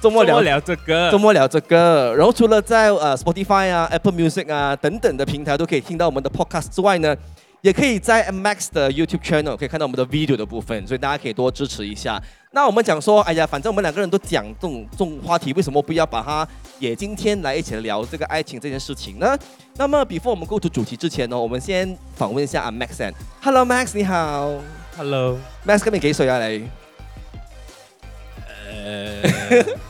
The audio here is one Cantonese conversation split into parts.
Zomok 聊這個，Zomok 聊這個。然後除了在呃 Spotify 啊、Apple Music 啊等等的平台都可以聽到我們的 Podcast 之外呢，也可以在、M、Max 的 YouTube Channel 可以看到我們的 video 的部分，所以大家可以多支持一下。那我們講說，哎呀，反正我們兩個人都講這種這種話題，為什麼不要把它也今天來一起聊這個愛情這件事情呢？那麼 before 我們 go to 主題之前呢、哦，我們先訪問一下、M、Max。Hello Max，你好。Hello。Max 今年給水啊？你？誒、uh。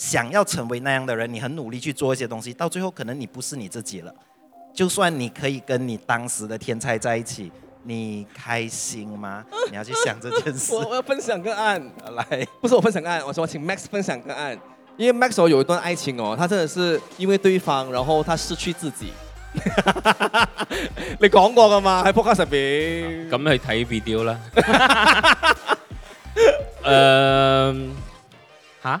想要成為那樣的人，你很努力去做一些東西，到最後可能你不是你自己了。就算你可以跟你當時的天才在一起，你開心嗎？你要去想這件事。我要分享個案，來，不是我分享個案，我說我請 Max 分享個案，因為 Max 我有一段愛情哦，他真的是因為對方，然後他失去自己。 你講過噶嗎？喺 Podcast 入邊咁、啊、去睇 video 啦。嗯、 um,，吓？